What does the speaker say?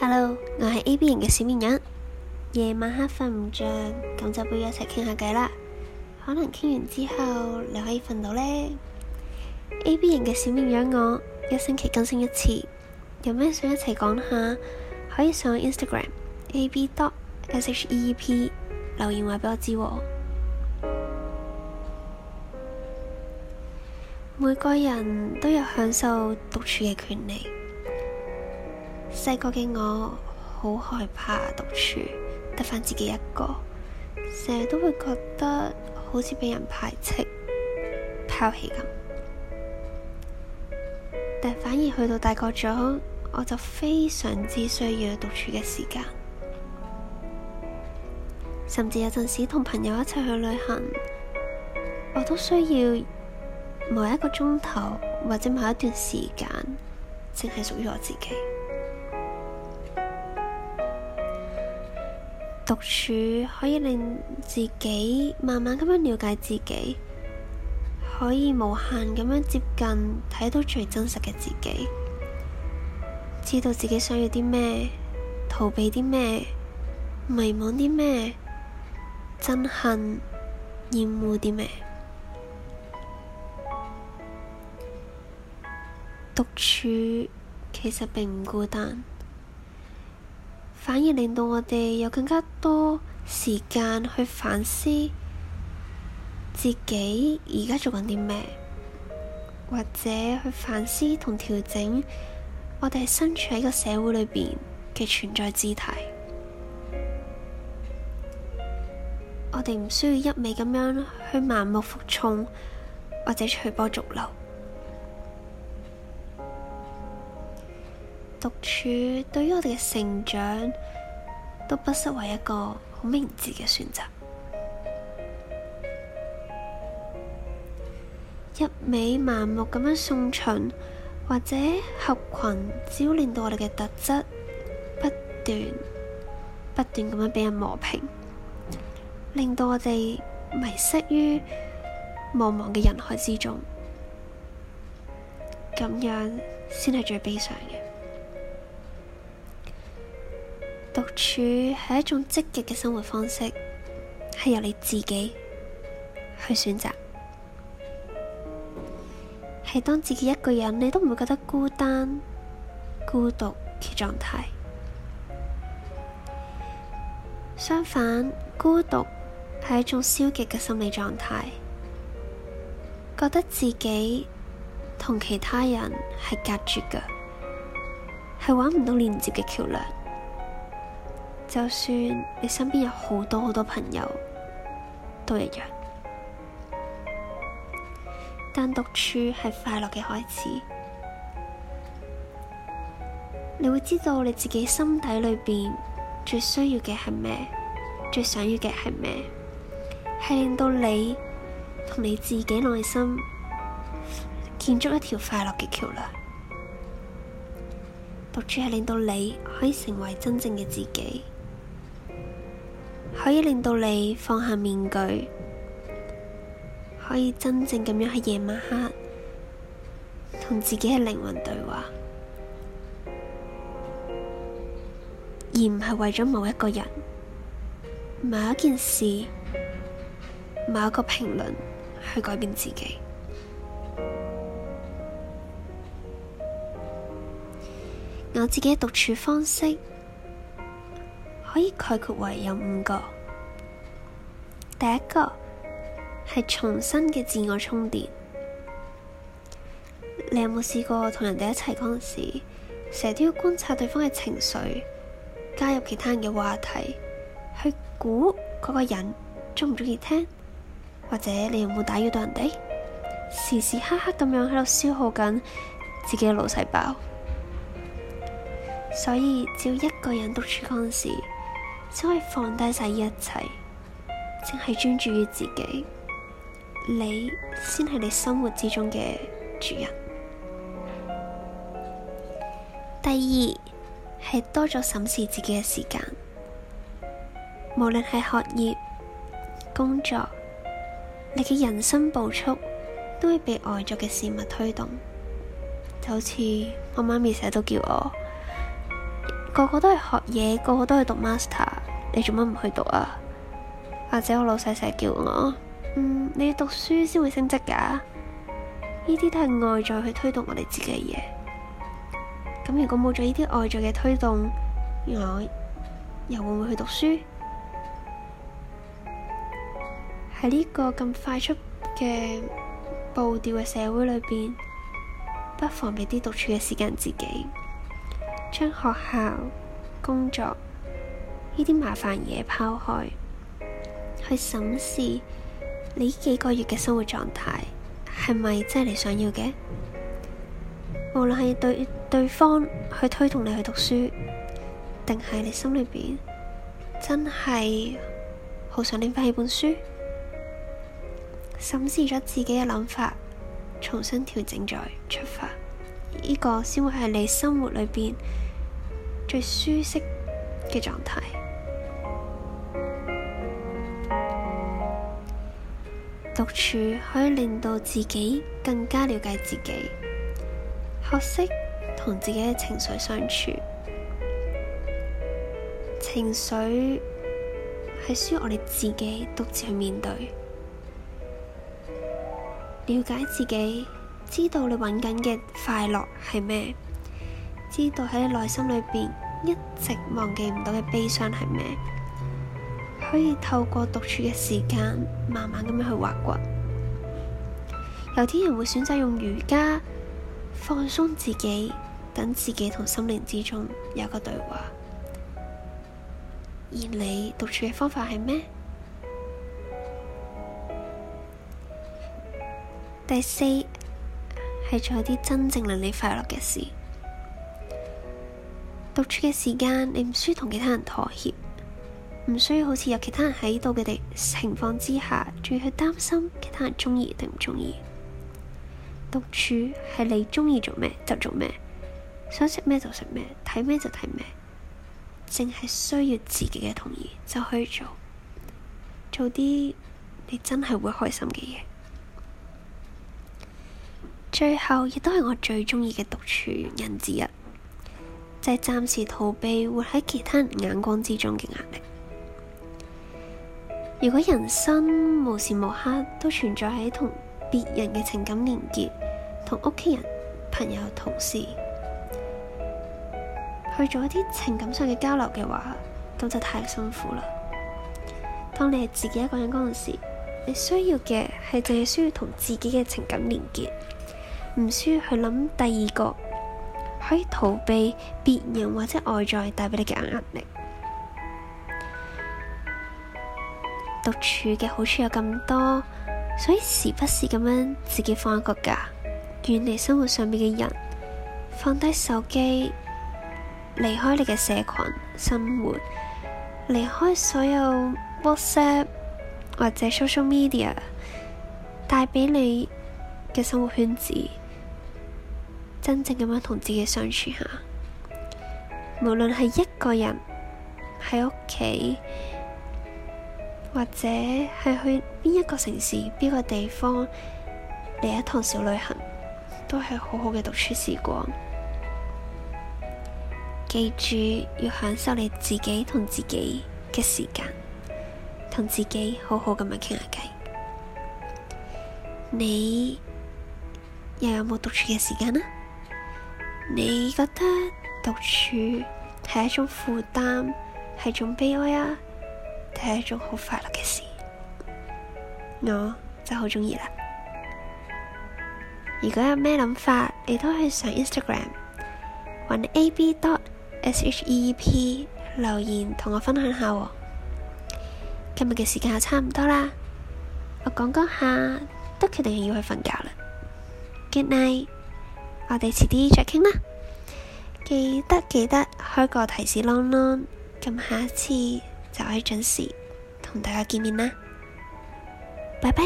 Hello，我係 A B 型嘅小綿羊。夜晚黑瞓唔着，咁就不如一齊傾下偈啦。可能傾完之後你可以瞓到咧。A B 型嘅小綿羊，我一星期更新一次。有咩想一齊講下，可以上 Instagram A B dot S H E E P 留言話俾我知喎。每個人都有享受獨處嘅權利。細個嘅我好害怕獨處，得返自己一個，成日都會覺得好似俾人排斥拋棄咁。但反而去到大個咗，我就非常之需要獨處嘅時間，甚至有陣時同朋友一齊去旅行，我都需要某一個鐘頭或者某一段時間，淨係屬於我自己。獨處可以令自己慢慢咁樣了解自己，可以無限咁樣接近，睇到最真實嘅自己，知道自己想要啲咩，逃避啲咩，迷惘啲咩，憎恨、厭惡啲咩。獨處其實並唔孤單。反而令到我哋有更加多時間去反思自己而家做緊啲咩，或者去反思同調整我哋身處喺個社會裏邊嘅存在姿態。我哋唔需要一味咁樣去盲目服從，或者隨波逐流。獨處對於我哋嘅成長，都不失為一個好明智嘅選擇。 一味盲目咁樣從眾，或者合群，只會令到我哋嘅特質不斷不斷咁樣俾人磨平，令到我哋迷失於茫茫嘅人海之中，咁樣先係最悲傷嘅。獨處係一種積極嘅生活方式，係由你自己去選擇，係當自己一個人，你都唔會覺得孤單、孤獨嘅狀態。相反，孤獨係一種消極嘅心理狀態，覺得自己同其他人係隔絕嘅，係搵唔到連接嘅橋樑。就算你身邊有好多好多朋友都一樣，但獨處係快樂嘅開始。你會知道你自己心底裏邊最需要嘅係咩，最想要嘅係咩，係令到你同你自己內心建築一條快樂嘅橋樑。獨處係令到你可以成為真正嘅自己。可以令到你放下面具，可以真正咁樣喺夜晚黑同自己嘅靈魂對話，而唔係為咗某一個人、某一件事、某一個評論去改變自己。我自己嘅獨處方式可以概括為有五個。第一個係重新嘅自我充電。你有冇試過同人哋一齊嗰陣時，成日都要觀察對方嘅情緒，加入其他人嘅話題，去估嗰個人鍾唔鍾意聽，或者你有冇打擾到人哋？時時刻刻咁樣喺度消耗緊自己嘅腦細胞，所以只要一個人獨處嗰陣時，先可以放低晒一切。淨係專注於自己，你先係你生活之中嘅主人。第二係多咗審視自己嘅時間，無論係學業、工作，你嘅人生步速都會被外在嘅事物推動。就好似我媽咪成日都叫我，個個都係學嘢，個個都係讀 Master，你做乜唔去讀啊？或者我老細成日叫我，嗯，你要讀書先會升職噶，呢啲都係外在去推動我哋自己嘅嘢。咁如果冇咗呢啲外在嘅推動，原來我又會唔會去讀書？喺呢個咁快速嘅步調嘅社會裏邊，不妨俾啲獨處嘅時間自己，將學校、工作呢啲麻煩嘢拋開。去審視你呢幾個月嘅生活狀態，係咪真係你想要嘅？無論係對對方去推動你去讀書，定係你心裏邊真係好想拎翻起本書，審視咗自己嘅諗法，重新調整再出發，呢個先會係你生活裏邊最舒適嘅狀態。獨處可以令到自己更加了解自己，學識同自己嘅情緒相處。情緒係需要我哋自己獨自去面對。了解自己，知道你揾緊嘅快樂係咩，知道喺你內心裏面一直忘記唔到嘅悲傷係咩。可以透過獨處嘅時間，慢慢咁樣去挖掘。有啲人會選擇用瑜伽，放鬆自己，等自己同心靈之中有個對話。而你獨處嘅方法係咩？第四係做一啲真正令你快樂嘅事。獨處嘅時間，你唔需要同其他人妥協。唔需要好似有其他人喺度嘅情況之下，仲要去擔心其他人鍾意定唔鍾意。獨處係你鍾意做咩就做咩，想食咩就食咩，睇咩就睇咩，淨係需要自己嘅同意就去做，做啲你真係會開心嘅嘢。最後亦都係我最鍾意嘅獨處原因之一，就係暫時逃避活喺其他人眼光之中嘅壓力。如果人生無時無刻都存在喺同別人嘅情感連結，同屋企人、朋友、同事去做一啲情感上嘅交流嘅話，咁就太辛苦啦。當你係自己一個人嗰陣時，你需要嘅係淨係需要同自己嘅情感連結，唔需要去諗第二個，可以逃避別人或者外在帶畀你嘅壓力。獨處嘅好處有咁多，所以時不時咁樣自己放一個假，遠離生活上面嘅人，放低手機，離開你嘅社群生活，離開所有 WhatsApp 或者 social media 帶俾你嘅生活圈子，真正咁樣同自己相處下，無論係一個人，喺屋企。或者係去邊一個城市，邊個地方嚟一趟小旅行，都係好好嘅獨處時光。記住要享受你自己同自己嘅時間，同自己好好咁樣傾下偈。你又有冇獨處嘅時間啊？你覺得獨處係一種負擔，係種悲哀啊？係一種好快樂嘅事，我就好鍾意啦。如果有咩諗法，你都可以上 Instagram 揾 ab.sheep 留言同我分享下哦。今日嘅時間又差唔多啦，我講講下，都決定要去瞓覺啦。Good night，我哋遲啲再傾啦。記得記得開個提示啷啷，咁下一次。就可以準時同大家見面啦，拜拜。